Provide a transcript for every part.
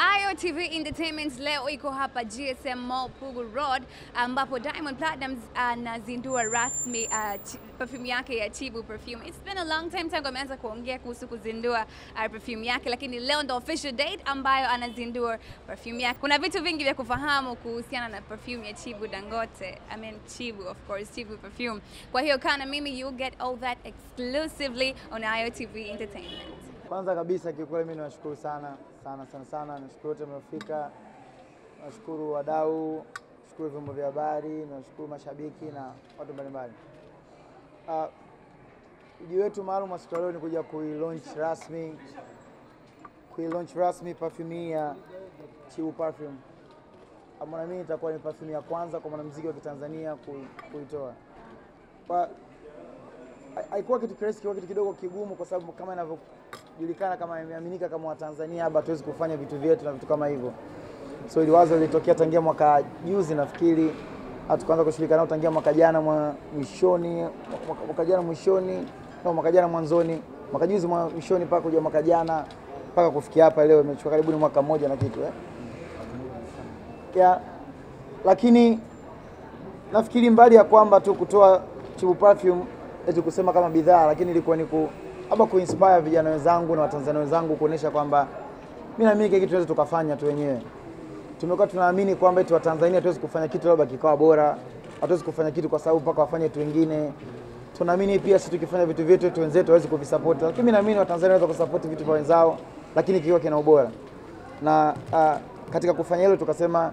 iotv Entertainment leo iko hapa GSM Mall Pugu Road ambapo Diamond Platnumz uh, anazindua rasmi uh, perfume yake ya Chibu perfume. It's been a long time tangu ameanza kuongea kuhusu kuzindua uh, perfume yake, lakini leo ndo official date ambayo anazindua perfume yake. Kuna vitu vingi vya kufahamu kuhusiana na perfume ya Chibu Dangote. I mean Chibu of course, Chibu perfume. Kwa hiyo kana mimi you get all that exclusively on IOTV Entertainment. Kwanza kabisa kiukweli, mimi nawashukuru sana sana sana sana, nashukuru wote mliofika, nashukuru wadau, nashukuru vyombo vya habari, nashukuru mashabiki na watu mbalimbali. Uji ah, uh, wetu maalum wa siku leo ni kuja kuilaunch rasmi kuilaunch rasmi perfume ya Chiu Perfume, ambayo ah, mimi itakuwa ni perfume ya kwanza kwa mwanamuziki wa Kitanzania kuitoa ah, haikuwa kitu kirahisi, kwa kitu kidogo kigumu, kwa sababu kama inavyo kujulikana kama imeaminika kama Watanzania, hapa tuwezi kufanya vitu vyetu na vitu kama hivyo. So ili wazo lilitokea tangia mwaka juzi nafikiri, hatukaanza kushirika nao tangia mwaka jana mwishoni, mwaka jana mwishoni, no, mwaka jana mwanzoni, mwaka juzi mwishoni mpaka kuja mwaka jana mpaka kufikia hapa leo, imechukua karibu ni mwaka mmoja na kitu eh? Yeah. Lakini nafikiri mbali ya kwamba tu kutoa Chibu Perfume eti kusema kama bidhaa, lakini ilikuwa ni ku ama kuinspire vijana wenzangu na Watanzania wenzangu kuonesha kwamba mimi na mimi kitu tunaweza tukafanya tu wenyewe. Tumekuwa tunaamini kwamba eti Watanzania hatuwezi kufanya kitu labda kikawa bora, hatuwezi kufanya kitu kwa sababu mpaka wafanye tu wengine. Tunaamini pia sisi tukifanya vitu vyetu tu wenzetu hawezi kuvisupport, lakini mimi naamini Watanzania wanaweza kusupport vitu vya wenzao, lakini kikiwa kina ubora. Na uh, katika kufanya hilo tukasema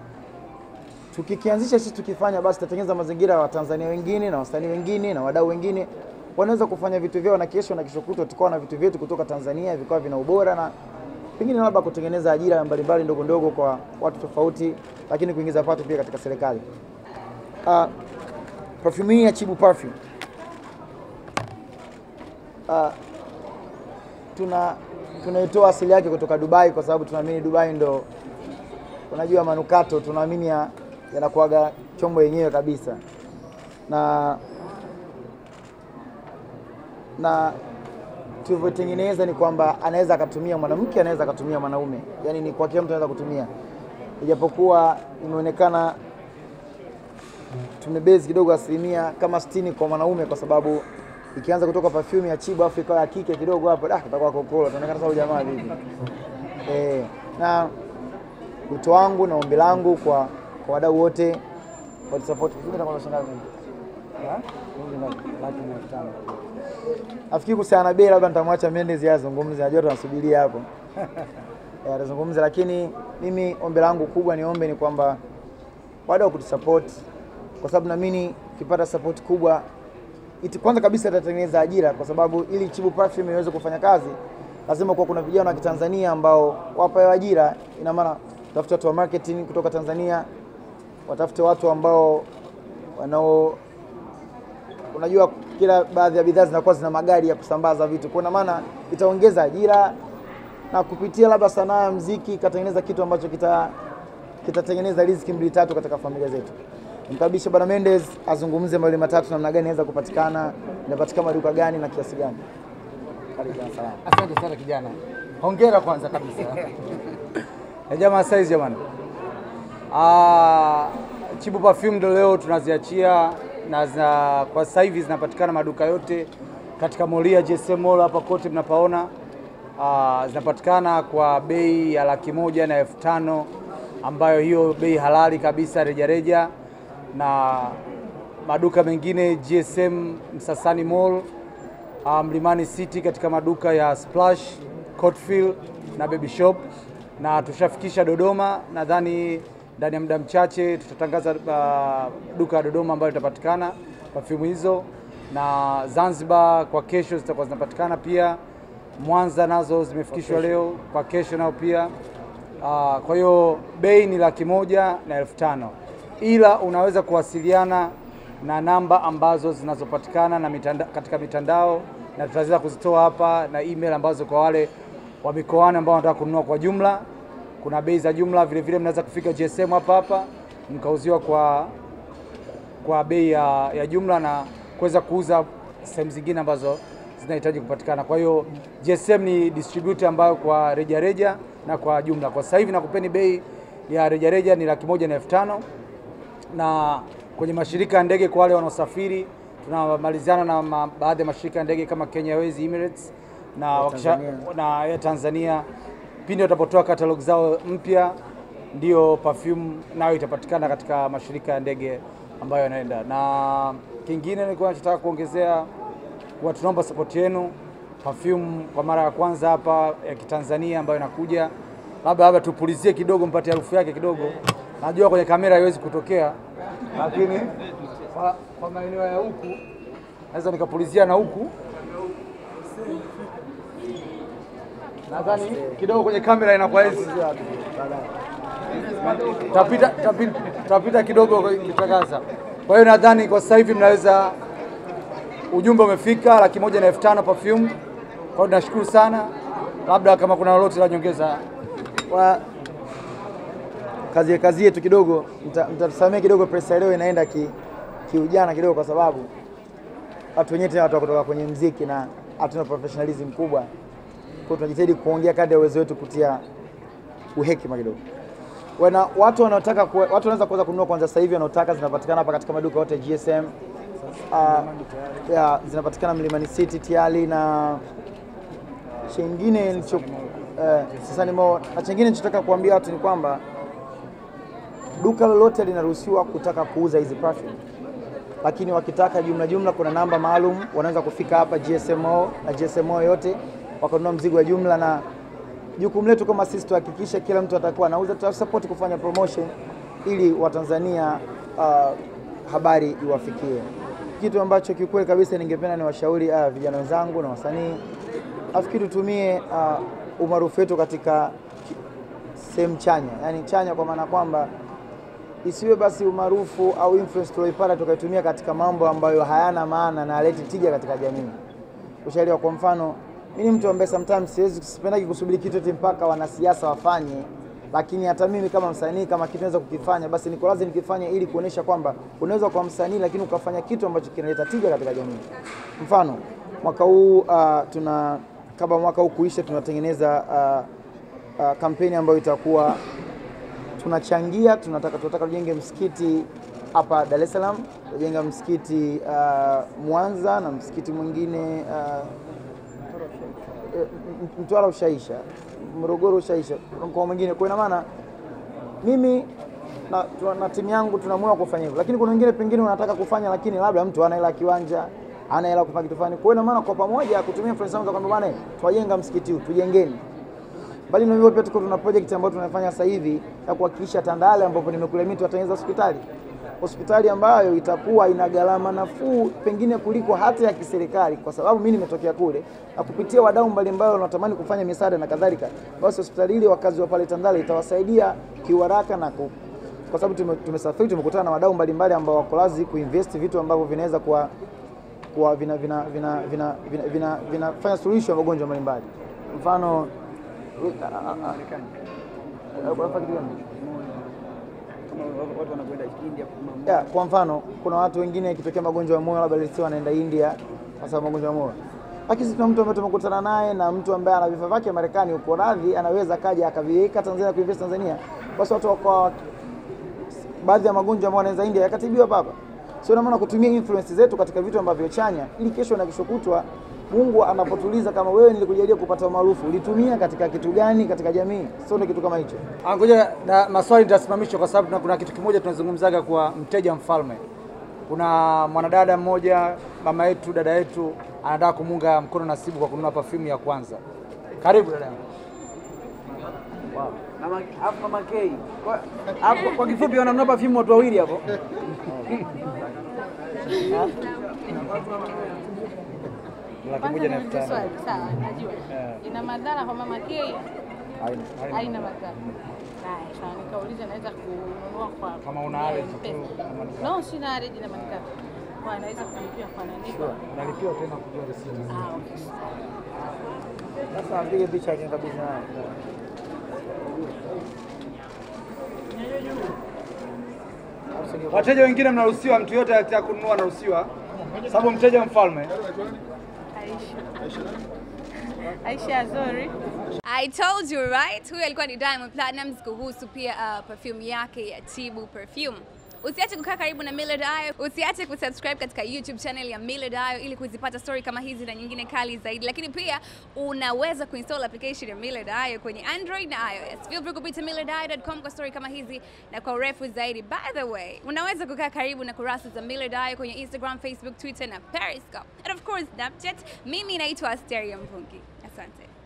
tukikianzisha sisi tukifanya, basi tutatengeneza mazingira ya Watanzania wengine na wasanii wengine na wadau wengine wanaweza kufanya vitu vyao na kesho na kesho kutwa tukawa na vitu vyetu kutoka Tanzania vikawa vina ubora na pengine labda kutengeneza ajira mbalimbali ndogo ndogo kwa watu tofauti, lakini kuingiza pato pia katika serikali. Uh, perfume hii ya Chibu Perfume uh, tuna tunaitoa asili yake kutoka Dubai kwa sababu tunaamini Dubai ndo unajua manukato tunaamini yanakuaga ya chombo yenyewe kabisa na na tulivyotengeneza ni kwamba anaweza akatumia mwanamke, anaweza akatumia mwanaume, yani ni kwa kila mtu anaweza kutumia, ijapokuwa imeonekana tumebezi kidogo asilimia kama 60 kwa mwanaume, kwa sababu ikianza kutoka perfume ya Chibu afu ikawa ya kike kidogo hapo, ah, utakuwa kokolo, tunaonekana sasa jamaa vipi? Eh, na wito wangu na ombi langu kwa kwa wadau wote watu support, kwa shangazi ha, sababu tunataka kushangaza nafikiri kuhusiana na bei labda nitamwacha Mendes yeye azungumze, najua tunamsubiria hapo atazungumza, eh, lakini mimi ombi langu kubwa niombe ni kwamba wada wa kutusupport, kwa sababu naamini kipata support kubwa iti, kwanza kabisa itatengeneza ajira, kwa sababu ili Chibu Perfume iweze kufanya kazi lazima kuwa kuna vijana wa Kitanzania ambao wapewe ajira. Ina maana tafuta watu wa marketing kutoka Tanzania, watafute watu ambao wanao unajua kila baadhi ya bidhaa zinakuwa zina magari ya kusambaza vitu, kwa maana itaongeza ajira na kupitia labda sanaa ya mziki ikatengeneza kitu ambacho kita kitatengeneza riziki mbili tatu katika familia zetu. Mkaribishe Bwana Mendes azungumze mawili matatu, namna gani inaweza kupatikana, inapatikana maduka gani na kiasi gani. Asante sana kijana, hongera kwanza kabisa eh, jamaa size jamani. Ah, Chibu Perfume leo tunaziachia na za, kwa sasa hivi zinapatikana maduka yote katika Moria GSM Mall hapa kote mnapaona. Uh, zinapatikana kwa bei ya laki moja na elfu tano ambayo hiyo bei halali kabisa rejareja reja. Na maduka mengine GSM Msasani Mall, ah, Mlimani um, City katika maduka ya Splash, Cotfield na Baby Shop na tushafikisha Dodoma nadhani ndani ya muda mchache tutatangaza uh, duka ya Dodoma ambayo itapatikana perfume hizo, na Zanzibar kwa kesho zitakuwa zinapatikana pia. Mwanza nazo zimefikishwa leo kwa kesho nao pia. Uh, kwa hiyo bei ni laki moja na elfu tano ila unaweza kuwasiliana na namba ambazo zinazopatikana na mitanda, katika mitandao na tutaweza kuzitoa hapa na email ambazo kwa wale wa mikoani ambao wanataka kununua kwa jumla kuna bei za jumla, vilevile mnaweza kufika GSM hapa hapa mkauziwa kwa kwa bei ya, ya jumla na kuweza kuuza sehemu zingine ambazo zinahitaji kupatikana. Kwa hiyo GSM ni distributor ambayo kwa rejareja reja na kwa jumla. Kwa sasa hivi nakupeni bei ya rejareja reja ni laki moja na elfu tano na kwenye mashirika ya ndege kwa wale wanaosafiri tunamaliziana na baadhi ya mashirika ya ndege kama Kenya Airways, Emirates na, wakisha, na ya Tanzania pindi watapotoa katalog zao mpya, ndiyo perfume nayo itapatikana katika mashirika ya ndege ambayo yanaenda. Na kingine nilikuwa nachotaka kuongezea kuwa tunaomba support yenu. Perfume kwa mara ya kwanza hapa ya Kitanzania ambayo inakuja, labda labda tupulizie kidogo, mpate harufu yake kidogo. Najua kwenye kamera haiwezi kutokea, lakini kwa maeneo ya huku naweza nikapulizia na huku Nadhani kidogo kwenye kamera inakuwa hizi tapita, tapita, tapita kidogo kitakaza. Kwa hiyo nadhani kwa sasa hivi mnaweza, ujumbe umefika laki moja na elfu tano perfume. Kwa hiyo tunashukuru sana, labda kama kuna lolote la nyongeza kwa kazi kazi yetu kidogo, mtatusamee kidogo, pesa leo inaenda ki kiujana kidogo, kwa sababu watu wenyewe tena watu kutoka kwenye mziki na hatuna professionalism kubwa. Kwa tunajitahidi kuongea kadri ya uwezo wetu kutia uhekima kidogo. Wana, watu wanaotaka watu wanaweza kuanza kununua kwanza sasa hivi wanaotaka zinapatikana hapa katika maduka yote GSM. Uh, ah, ya zinapatikana Mlimani City tiali na chengine nilicho eh, sasa ni nimo na chengine nilichotaka kuambia watu ni kwamba duka lolote linaruhusiwa kutaka kuuza hizi perfume, lakini wakitaka jumla jumla, kuna namba maalum wanaweza kufika hapa GSMO na GSMO yote wakanunua mzigo wa jumla, na jukumu letu kama sisi tuhakikishe kila mtu atakuwa anauza, tutasupport kufanya promotion ili Watanzania uh, habari iwafikie. Kitu ambacho kiukweli kabisa ningependa niwashauri uh, vijana wenzangu na wasanii, afikiri tutumie uh, umaarufu wetu katika sehemu chanya, yani chanya kwa maana kwamba isiwe basi umaarufu au influence tulioipata tukaitumia katika mambo ambayo hayana maana na haleti tija katika jamii. Ushauri Kwa mfano mi ni mtu ambaye sometimes siwezi sipendagi kusubiri kitu eti mpaka wanasiasa wafanye, lakini hata mimi kama msanii, kama kitu naweza kukifanya, basi niko lazima nikifanya, ili kuonesha kwamba unaweza kwa msanii, lakini ukafanya kitu ambacho kinaleta tija katika jamii. Mfano mwaka huu uh, tuna kabla mwaka huu kuisha, tunatengeneza uh, uh, kampeni ambayo itakuwa tunachangia, tunataka tunataka tujenge msikiti hapa Dar es Salaam, tunajenga msikiti uh, Mwanza na msikiti mwingine uh, Mtwara ushaisha, Morogoro ushaisha, mkoa mwingine. Kwa ina maana mimi na, tuna, na timu yangu tuna kufanya hivyo, lakini kuna wengine pengine wanataka kufanya, lakini labda mtu ana hela kiwanja, ana hela kufanya kitu fulani. Kwa ina maana kwa pamoja kutumia influence zangu kwamba bwana, tuwajenga msikiti huu, tujengeni. Bali na hivyo pia tuko tuna project ambayo tunafanya sasa hivi ya kuhakikisha Tandale ambapo nimekulia mimi hospitali hospitali ambayo itakuwa ina gharama nafuu pengine kuliko hata ya kiserikali, kwa sababu mimi nimetokea kule na kupitia wadau mbalimbali wanatamani kufanya misaada na kadhalika, basi hospitali ile wakazi wa pale Tandale itawasaidia kiwaraka na ku, kwa sababu tumesafiri, tumekutana na wadau mbalimbali ambao wako lazi kuinvest vitu ambavyo vinaweza kuwa kuwa vina vina vina vina vina vinafanya suluhisho ya magonjwa mbalimbali, mfano watu wanakwenda India kwa mfano kuna watu wengine ikitokea magonjwa ya moyo labda lesi wanaenda India kwa sababu magonjwa ya moyo lakini tuna mtu ambaye tumekutana naye na mtu ambaye ana vifaa vyake Marekani huko radhi, anaweza kaja akaviweka Tanzania, kuinvest Tanzania, basi watu wako baadhi ya magonjwa ambayo wanaweza India yakatibiwa baba. Sio na maana kutumia influence zetu katika vitu ambavyo chanya, ili kesho na kesho kutwa Mungu anapotuliza kama wewe nilikujalia kupata maarufu, ulitumia katika kitu gani katika jamii? Sio ndio kitu kama hicho. Angoja ah, na maswali nitasimamishwa, kwa sababu kuna kitu kimoja tunazungumzaga kwa mteja mfalme. Kuna mwanadada mmoja, mama yetu, dada yetu, anataka kumunga mkono Nasibu kwa kununua perfume ya kwanza. Karibu dada Wow. Mama, mama K. Kwa, hapo, kwa kifupi wananunua perfume watu wawili hapo. laki moja na elfu Sawa, najua. Eh. Ina madhara kwa mama K? Haina madhara. Sawa, nikauliza naweza kununua kwa kama una allergy tu. No, sina allergy na manukato. Kwa naweza kulipia kwa nani? Nalipia tena kujua risiti. Ah, okay. Sasa apige picha yenyewe kabisa. Wateja wengine mnaruhusiwa, mtu yote akitaka kununua anaruhusiwa, sababu mteja mfalme. Aisha Zuri. I told you right, huyo alikuwa ni Diamond Platnumz kuhusu pia uh, perfume yake ya Tibu perfume. Usiache kukaa karibu na Millard Ayo, usiache kusubscribe katika YouTube channel ya Millard Ayo ili kuzipata story kama hizi na nyingine kali zaidi. Lakini pia unaweza kuinstall application ya Millard Ayo kwenye Android na iOS. Feel free kupita millardayo.com kwa story kama hizi na kwa urefu zaidi. By the way, unaweza kukaa karibu na kurasa za Millard Ayo kwenye Instagram, Facebook, Twitter na Periscope and of course Snapchat. Mimi naitwa Asteria Mvungi, asante.